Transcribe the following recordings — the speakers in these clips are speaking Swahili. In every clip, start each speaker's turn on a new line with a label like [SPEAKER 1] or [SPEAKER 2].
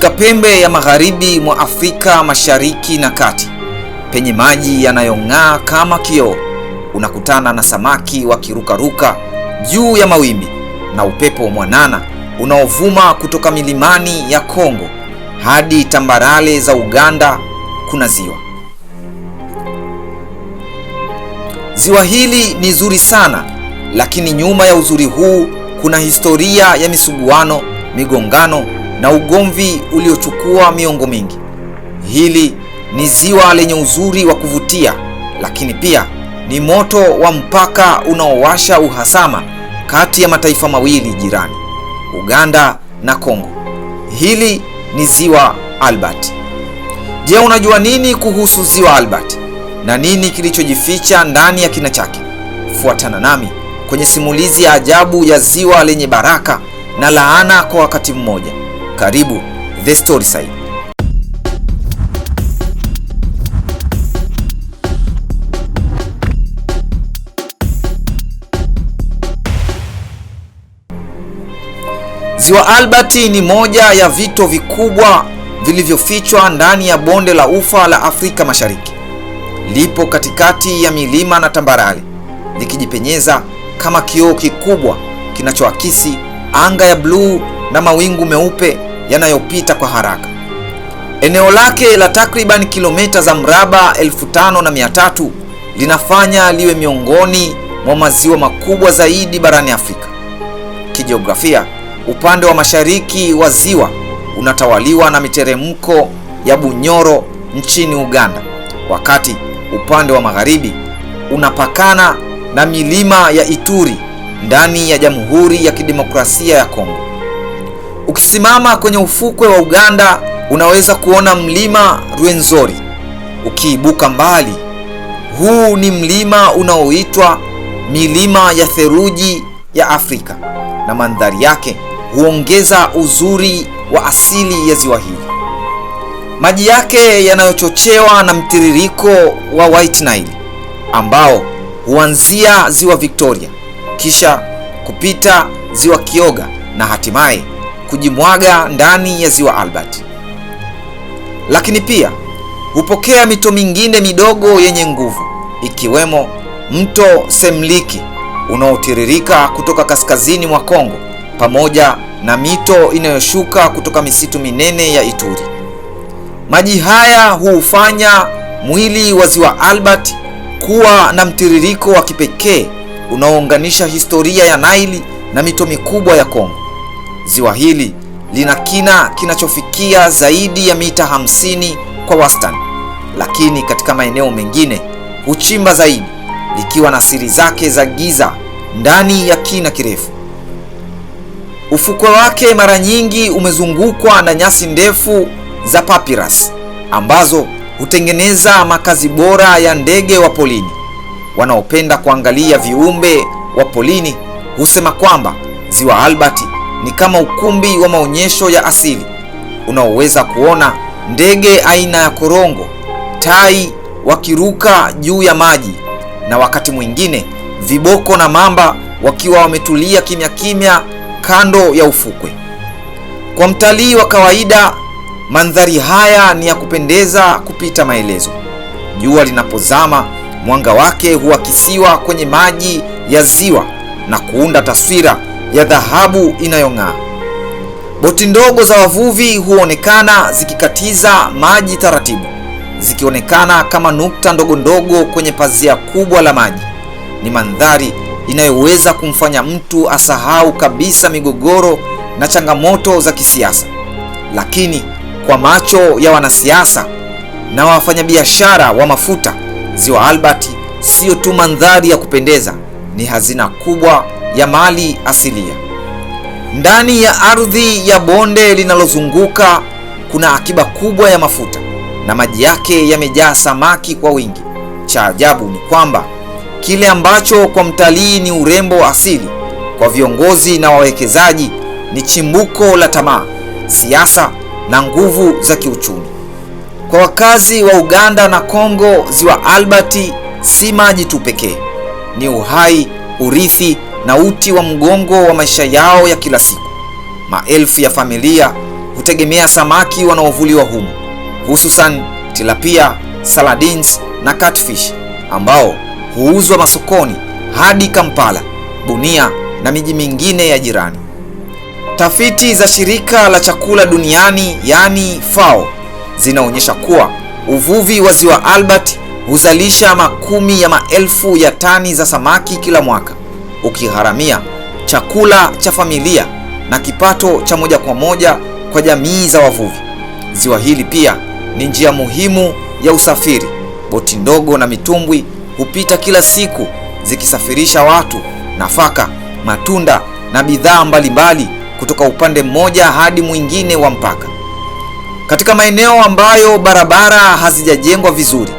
[SPEAKER 1] Katika pembe ya magharibi mwa Afrika Mashariki na Kati, penye maji yanayong'aa kama kioo, unakutana na samaki wakirukaruka juu ya mawimbi na upepo mwanana unaovuma kutoka milimani ya Kongo hadi tambarale za Uganda. Kuna ziwa ziwa hili ni zuri sana, lakini nyuma ya uzuri huu kuna historia ya misuguano, migongano na ugomvi uliochukua miongo mingi. Hili ni ziwa lenye uzuri wa kuvutia, lakini pia ni moto wa mpaka unaowasha uhasama kati ya mataifa mawili jirani, Uganda na Kongo. Hili ni ziwa Albert. Je, unajua nini kuhusu ziwa Albert na nini kilichojificha ndani ya kina chake? Fuatana nami kwenye simulizi ya ajabu ya ziwa lenye baraka na laana kwa wakati mmoja. Karibu The Story Side. Ziwa Albert ni moja ya vito vikubwa vilivyofichwa ndani ya bonde la ufa la Afrika Mashariki. Lipo katikati ya milima na tambarare, likijipenyeza kama kioo kikubwa kinachoakisi anga ya bluu na mawingu meupe yanayopita kwa haraka. Eneo lake la takriban kilomita za mraba 5300 linafanya liwe miongoni mwa maziwa makubwa zaidi barani Afrika. Kijiografia, upande wa mashariki wa ziwa unatawaliwa na miteremko ya Bunyoro nchini Uganda, wakati upande wa magharibi unapakana na milima ya Ituri ndani ya Jamhuri ya Kidemokrasia ya Kongo. Ukisimama kwenye ufukwe wa Uganda unaweza kuona mlima Rwenzori ukiibuka mbali. Huu ni mlima unaoitwa milima ya theluji ya Afrika, na mandhari yake huongeza uzuri wa asili ya ziwa hili. Maji yake yanayochochewa na mtiririko wa White Nile ambao huanzia ziwa Victoria kisha kupita ziwa Kyoga na hatimaye kujimwaga ndani ya ziwa Albert. Lakini pia hupokea mito mingine midogo yenye nguvu ikiwemo mto Semliki unaotiririka kutoka kaskazini mwa Kongo pamoja na mito inayoshuka kutoka misitu minene ya Ituri. Maji haya huufanya mwili wa ziwa Albert kuwa na mtiririko wa kipekee unaounganisha historia ya Naili na mito mikubwa ya Kongo. Ziwa hili lina kina kinachofikia zaidi ya mita 50 kwa wastani, lakini katika maeneo mengine huchimba zaidi, likiwa na siri zake za giza ndani ya kina kirefu. Ufukwe wake mara nyingi umezungukwa na nyasi ndefu za papyrus ambazo hutengeneza makazi bora ya ndege wa polini. Wanaopenda kuangalia viumbe wa polini husema kwamba Ziwa Albert ni kama ukumbi wa maonyesho ya asili unaoweza kuona ndege aina ya korongo, tai wakiruka juu ya maji, na wakati mwingine viboko na mamba wakiwa wametulia kimya kimya kando ya ufukwe. Kwa mtalii wa kawaida, mandhari haya ni ya kupendeza kupita maelezo. Jua linapozama, mwanga wake huakisiwa kwenye maji ya ziwa na kuunda taswira ya dhahabu inayong'aa. Boti ndogo za wavuvi huonekana zikikatiza maji taratibu, zikionekana kama nukta ndogo ndogo kwenye pazia kubwa la maji. Ni mandhari inayoweza kumfanya mtu asahau kabisa migogoro na changamoto za kisiasa, lakini kwa macho ya wanasiasa na wafanyabiashara wa mafuta, Ziwa Albert sio tu mandhari ya kupendeza, ni hazina kubwa ya mali asilia. Ndani ya ardhi ya bonde linalozunguka kuna akiba kubwa ya mafuta na maji yake yamejaa samaki kwa wingi. Cha ajabu ni kwamba kile ambacho kwa mtalii ni urembo wa asili, kwa viongozi na wawekezaji ni chimbuko la tamaa, siasa na nguvu za kiuchumi. Kwa wakazi wa Uganda na Kongo, ziwa Albert si maji tu pekee, ni uhai, urithi na uti wa mgongo wa maisha yao ya kila siku. Maelfu ya familia hutegemea samaki wanaovuliwa humu, hususan tilapia, saladins na catfish ambao huuzwa masokoni hadi Kampala, Bunia na miji mingine ya jirani. Tafiti za shirika la chakula duniani yani FAO zinaonyesha kuwa uvuvi wa ziwa Albert huzalisha makumi ya maelfu ya tani za samaki kila mwaka ukigharamia chakula cha familia na kipato cha moja kwa moja kwa jamii za wavuvi. Ziwa hili pia ni njia muhimu ya usafiri. Boti ndogo na mitumbwi hupita kila siku zikisafirisha watu, nafaka, matunda na bidhaa mbalimbali kutoka upande mmoja hadi mwingine wa mpaka. Katika maeneo ambayo barabara hazijajengwa vizuri,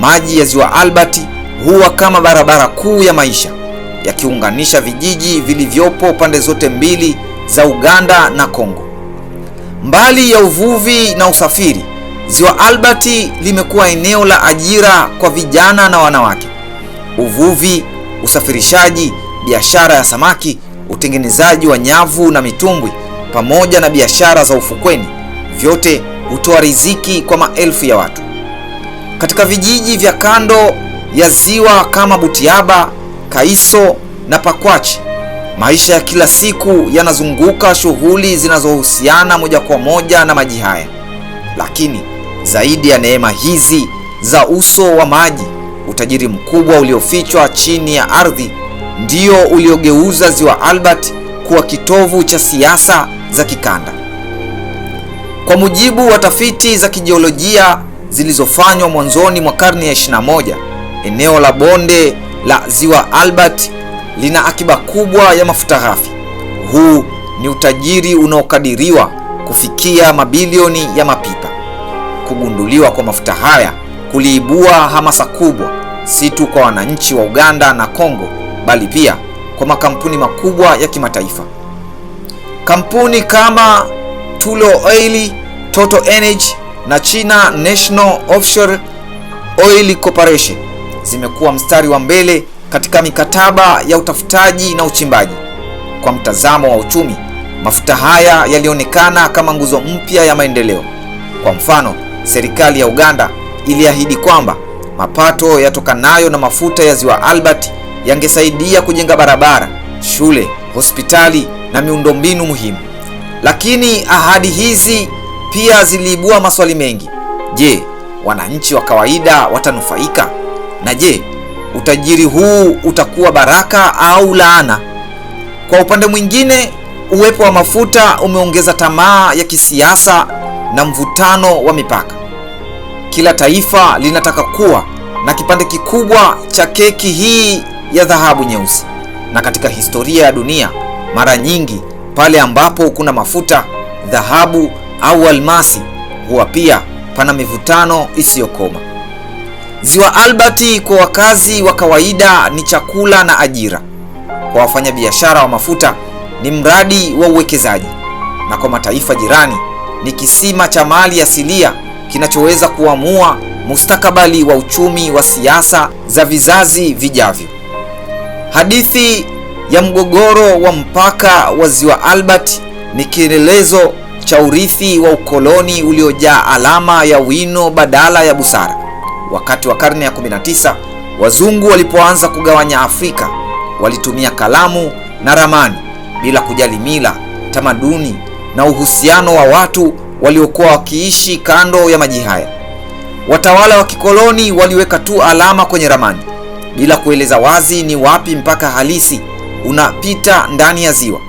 [SPEAKER 1] maji ya Ziwa Albert huwa kama barabara kuu ya maisha yakiunganisha vijiji vilivyopo pande zote mbili za Uganda na Kongo. Mbali ya uvuvi na usafiri, Ziwa Albert limekuwa eneo la ajira kwa vijana na wanawake. Uvuvi, usafirishaji, biashara ya samaki, utengenezaji wa nyavu na mitumbwi pamoja na biashara za ufukweni, vyote hutoa riziki kwa maelfu ya watu. Katika vijiji vya kando ya ziwa kama Butiaba, Kaiso na Pakwachi. Maisha ya kila siku yanazunguka shughuli zinazohusiana moja kwa moja na maji haya, lakini zaidi ya neema hizi za uso wa maji, utajiri mkubwa uliofichwa chini ya ardhi ndio uliogeuza ziwa Albert kuwa kitovu cha siasa za kikanda. Kwa mujibu wa tafiti za kijiolojia zilizofanywa mwanzoni mwa karne ya 21, eneo la bonde la Ziwa Albert lina akiba kubwa ya mafuta ghafi. Huu ni utajiri unaokadiriwa kufikia mabilioni ya mapipa. Kugunduliwa kwa mafuta haya kuliibua hamasa kubwa, si tu kwa wananchi wa Uganda na Kongo, bali pia kwa makampuni makubwa ya kimataifa. Kampuni kama Tullow Oil, Total Energy na China National Offshore Oil Corporation zimekuwa mstari wa mbele katika mikataba ya utafutaji na uchimbaji. Kwa mtazamo wa uchumi, mafuta haya yalionekana kama nguzo mpya ya maendeleo. Kwa mfano, serikali ya Uganda iliahidi kwamba mapato yatokanayo na mafuta ya Ziwa Albert yangesaidia kujenga barabara, shule, hospitali na miundombinu muhimu. Lakini ahadi hizi pia ziliibua maswali mengi. Je, wananchi wa kawaida watanufaika? Na je, utajiri huu utakuwa baraka au laana? Kwa upande mwingine, uwepo wa mafuta umeongeza tamaa ya kisiasa na mvutano wa mipaka. Kila taifa linataka kuwa na kipande kikubwa cha keki hii ya dhahabu nyeusi. Na katika historia ya dunia, mara nyingi pale ambapo kuna mafuta, dhahabu au almasi, huwa pia pana mivutano isiyokoma. Ziwa Albert kwa wakazi wa kawaida ni chakula na ajira, kwa wafanyabiashara wa mafuta ni mradi wa uwekezaji, na kwa mataifa jirani ni kisima cha mali asilia kinachoweza kuamua mustakabali wa uchumi wa siasa za vizazi vijavyo. Hadithi ya mgogoro wa mpaka wa Ziwa Albert ni kielelezo cha urithi wa ukoloni uliojaa alama ya wino badala ya busara. Wakati wa karne ya 19 wazungu walipoanza kugawanya Afrika, walitumia kalamu na ramani bila kujali mila, tamaduni na uhusiano wa watu waliokuwa wakiishi kando ya maji haya. Watawala wa kikoloni waliweka tu alama kwenye ramani bila kueleza wazi ni wapi mpaka halisi unapita ndani ya ziwa.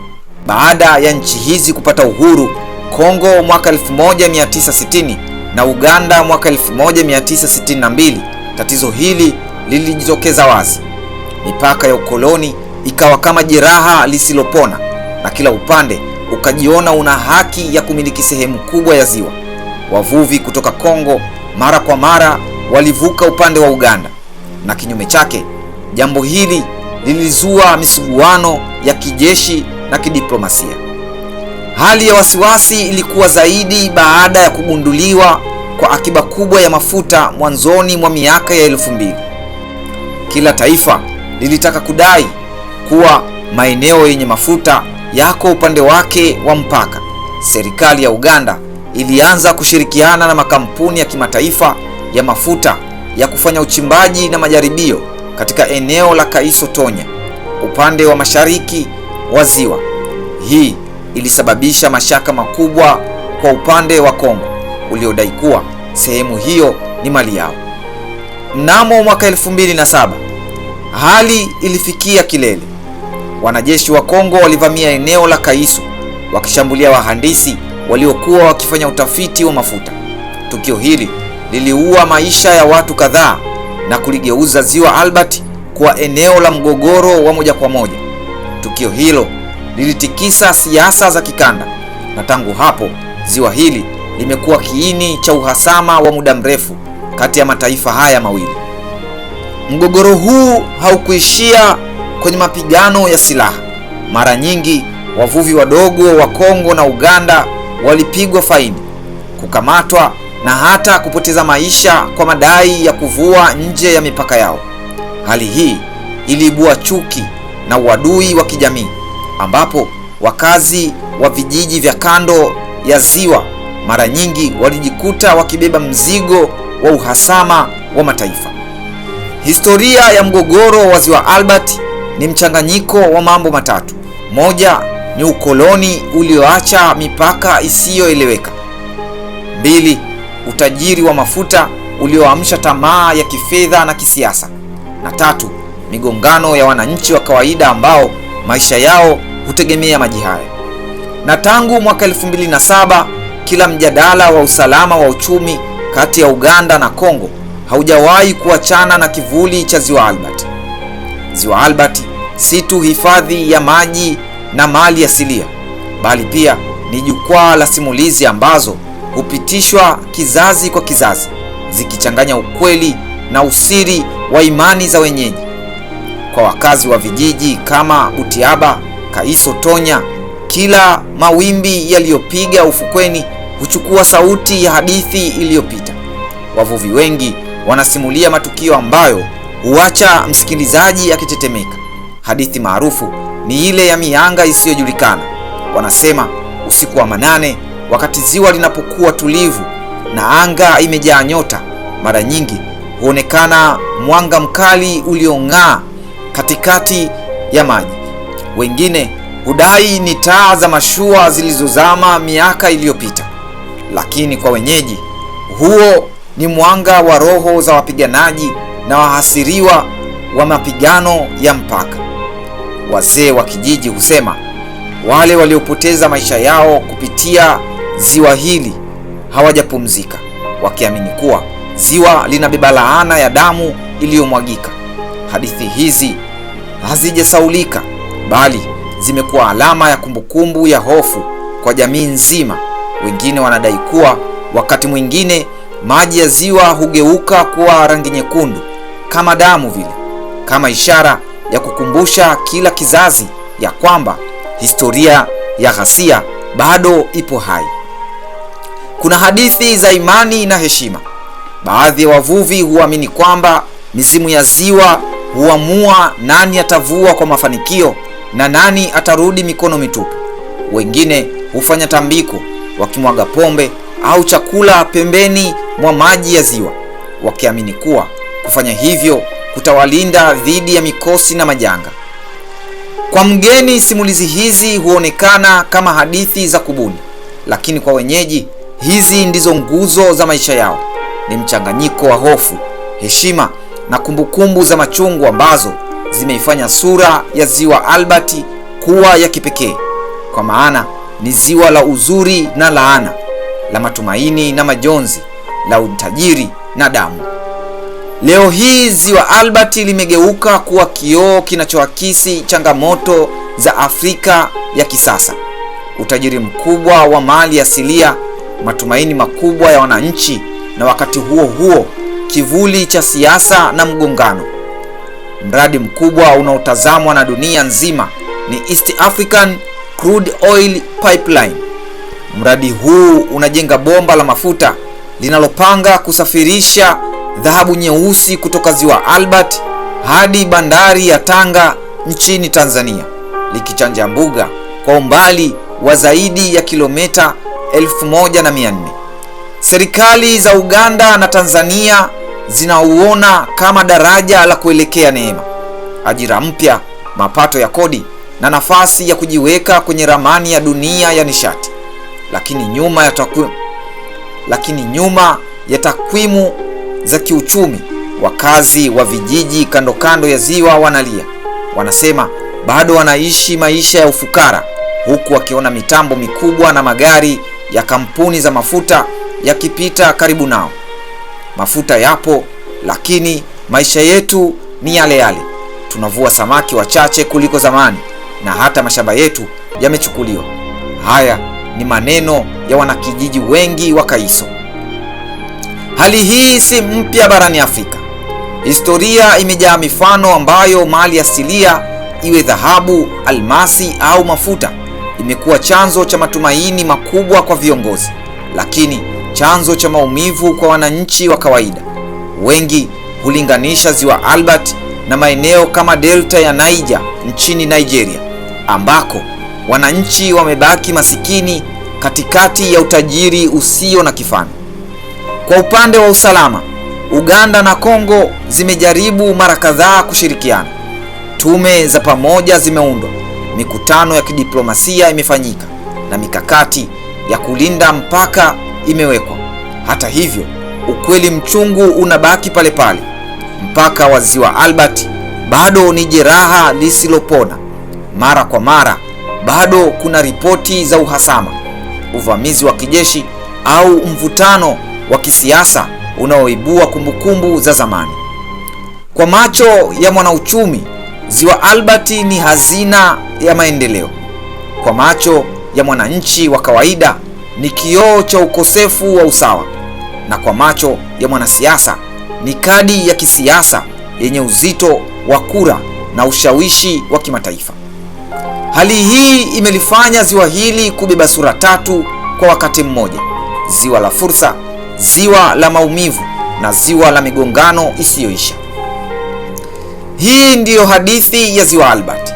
[SPEAKER 1] Baada ya nchi hizi kupata uhuru, Kongo mwaka 1960 na Uganda mwaka 1962, tatizo hili lilijitokeza wazi. Mipaka ya ukoloni ikawa kama jeraha lisilopona na kila upande ukajiona una haki ya kumiliki sehemu kubwa ya ziwa. Wavuvi kutoka Kongo mara kwa mara walivuka upande wa Uganda, na kinyume chake, jambo hili lilizua misuguano ya kijeshi na kidiplomasia. Hali ya wasiwasi ilikuwa zaidi baada ya kugunduliwa kwa akiba kubwa ya mafuta mwanzoni mwa miaka ya elfu mbili. Kila taifa lilitaka kudai kuwa maeneo yenye mafuta yako upande wake wa mpaka. Serikali ya Uganda ilianza kushirikiana na makampuni ya kimataifa ya mafuta ya kufanya uchimbaji na majaribio katika eneo la Kaiso Tonya upande wa mashariki wa ziwa. Hii ilisababisha mashaka makubwa kwa upande wa Kongo uliodai kuwa sehemu hiyo ni mali yao. Mnamo mwaka 2007 hali ilifikia kilele. Wanajeshi wa Kongo walivamia eneo la Kaisu wakishambulia wahandisi waliokuwa wakifanya utafiti wa mafuta. Tukio hili liliua maisha ya watu kadhaa na kuligeuza Ziwa Albert kuwa eneo la mgogoro wa moja kwa moja. Tukio hilo lilitikisa siasa za kikanda, na tangu hapo ziwa hili limekuwa kiini cha uhasama wa muda mrefu kati ya mataifa haya mawili. Mgogoro huu haukuishia kwenye mapigano ya silaha. Mara nyingi wavuvi wadogo wa Kongo na Uganda walipigwa faini, kukamatwa na hata kupoteza maisha kwa madai ya kuvua nje ya mipaka yao. Hali hii iliibua chuki na uadui wa kijamii ambapo wakazi wa vijiji vya kando ya ziwa mara nyingi walijikuta wakibeba mzigo wa uhasama wa mataifa. Historia ya mgogoro wa Ziwa Albert ni mchanganyiko wa mambo matatu. Moja ni ukoloni ulioacha mipaka isiyoeleweka. Mbili, utajiri wa mafuta ulioamsha tamaa ya kifedha na kisiasa. Na tatu, migongano ya wananchi wa kawaida ambao maisha yao hutegemea maji hayo. Na tangu mwaka 2007 kila mjadala wa usalama wa uchumi kati ya Uganda na Kongo haujawahi kuachana na kivuli cha Ziwa Albert. Ziwa Albert si tu hifadhi ya maji na mali asilia, bali pia ni jukwaa la simulizi ambazo hupitishwa kizazi kwa kizazi, zikichanganya ukweli na usiri wa imani za wenyeji kwa wakazi wa vijiji kama Butiaba, Kaiso, Tonya. Kila mawimbi yaliyopiga ufukweni huchukua sauti ya hadithi iliyopita. Wavuvi wengi wanasimulia matukio ambayo huacha msikilizaji akitetemeka. Hadithi maarufu ni ile ya mianga isiyojulikana. Wanasema usiku wa manane, wakati ziwa linapokuwa tulivu na anga imejaa nyota, mara nyingi huonekana mwanga mkali uliong'aa katikati ya maji. Wengine hudai ni taa za mashua zilizozama miaka iliyopita, lakini kwa wenyeji huo ni mwanga wa roho za wapiganaji na wahasiriwa wa mapigano ya mpaka. Wazee wa kijiji husema wale waliopoteza maisha yao kupitia ziwa hili hawajapumzika, wakiamini kuwa ziwa linabeba laana ya damu iliyomwagika. Hadithi hizi hazijasaulika, bali zimekuwa alama ya kumbukumbu ya hofu kwa jamii nzima. Wengine wanadai kuwa wakati mwingine maji ya ziwa hugeuka kuwa rangi nyekundu kama damu vile, kama ishara ya kukumbusha kila kizazi ya kwamba historia ya ghasia bado ipo hai. Kuna hadithi za imani na heshima. Baadhi ya wavuvi huamini kwamba mizimu ya ziwa huamua nani atavua kwa mafanikio na nani atarudi mikono mitupu. Wengine hufanya tambiko wakimwaga pombe au chakula pembeni mwa maji ya ziwa, wakiamini kuwa kufanya hivyo kutawalinda dhidi ya mikosi na majanga. Kwa mgeni, simulizi hizi huonekana kama hadithi za kubuni, lakini kwa wenyeji, hizi ndizo nguzo za maisha yao. Ni mchanganyiko wa hofu, heshima na kumbukumbu za machungu ambazo zimeifanya sura ya ziwa Albert kuwa ya kipekee, kwa maana ni ziwa la uzuri na laana, la matumaini na majonzi, la utajiri na damu. Leo hii ziwa Albert limegeuka kuwa kioo kinachoakisi changamoto za Afrika ya kisasa, utajiri mkubwa wa mali asilia, matumaini makubwa ya wananchi, na wakati huo huo kivuli cha siasa na mgongano. Mradi mkubwa unaotazamwa na dunia nzima ni East African Crude Oil Pipeline. Mradi huu unajenga bomba la mafuta linalopanga kusafirisha dhahabu nyeusi kutoka Ziwa Albert hadi bandari ya Tanga nchini Tanzania, likichanja mbuga kwa umbali wa zaidi ya kilomita 1400. Serikali za Uganda na Tanzania zinauona kama daraja la kuelekea neema, ajira mpya, mapato ya kodi na nafasi ya kujiweka kwenye ramani ya dunia ya nishati. Lakini nyuma ya takwimu, lakini nyuma ya takwimu za kiuchumi, wakazi wa vijiji kando kando ya ziwa wanalia, wanasema bado wanaishi maisha ya ufukara, huku wakiona mitambo mikubwa na magari ya kampuni za mafuta yakipita karibu nao. Mafuta yapo, lakini maisha yetu ni yale yale. Tunavua samaki wachache kuliko zamani, na hata mashamba yetu yamechukuliwa. Haya ni maneno ya wanakijiji wengi wa Kaiso. Hali hii si mpya barani Afrika. Historia imejaa mifano ambayo mali asilia, iwe dhahabu, almasi au mafuta, imekuwa chanzo cha matumaini makubwa kwa viongozi, lakini chanzo cha maumivu kwa wananchi wa kawaida. Wengi hulinganisha ziwa Albert na maeneo kama delta ya Niger nchini Nigeria, ambako wananchi wamebaki masikini katikati ya utajiri usio na kifani. Kwa upande wa usalama, Uganda na Kongo zimejaribu mara kadhaa kushirikiana. Tume za pamoja zimeundwa, mikutano ya kidiplomasia imefanyika na mikakati ya kulinda mpaka imewekwa. Hata hivyo, ukweli mchungu unabaki pale pale. Mpaka wa Ziwa Albert bado ni jeraha lisilopona. Mara kwa mara bado kuna ripoti za uhasama, uvamizi wa kijeshi au mvutano wa kisiasa unaoibua kumbukumbu za zamani. Kwa macho ya mwanauchumi, Ziwa Albert ni hazina ya maendeleo. Kwa macho ya mwananchi wa kawaida, ni kioo cha ukosefu wa usawa, na kwa macho ya mwanasiasa ni kadi ya kisiasa yenye uzito wa kura na ushawishi wa kimataifa. Hali hii imelifanya ziwa hili kubeba sura tatu kwa wakati mmoja: ziwa la fursa, ziwa la maumivu na ziwa la migongano isiyoisha. Hii ndiyo hadithi ya Ziwa Albert,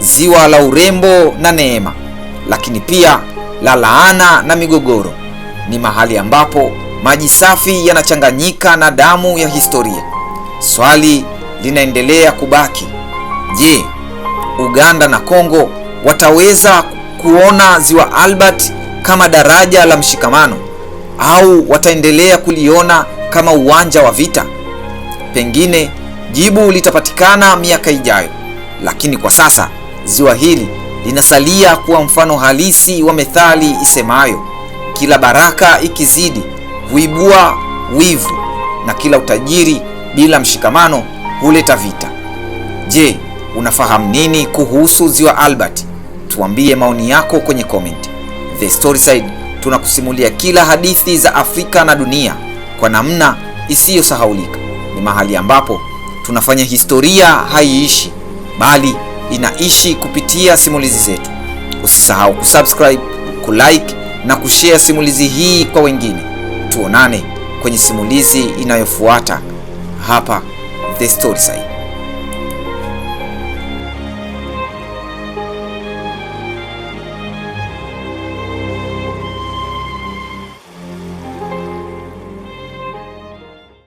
[SPEAKER 1] ziwa la urembo na neema, lakini pia la laana na migogoro. Ni mahali ambapo maji safi yanachanganyika na damu ya historia. Swali linaendelea kubaki, je, Uganda na Kongo wataweza kuona ziwa Albert kama daraja la mshikamano au wataendelea kuliona kama uwanja wa vita? Pengine jibu litapatikana miaka ijayo, lakini kwa sasa ziwa hili linasalia kuwa mfano halisi wa methali isemayo, kila baraka ikizidi huibua wivu na kila utajiri bila mshikamano huleta vita. Je, unafahamu nini kuhusu ziwa Albert? Tuambie maoni yako kwenye komenti. The Storyside tunakusimulia kila hadithi za Afrika na dunia kwa namna isiyosahaulika. Ni mahali ambapo tunafanya historia haiishi bali inaishi kupitia simulizi zetu. Usisahau kusubscribe, kulike na kushare simulizi hii kwa wengine. Tuonane kwenye simulizi inayofuata hapa The Storyside.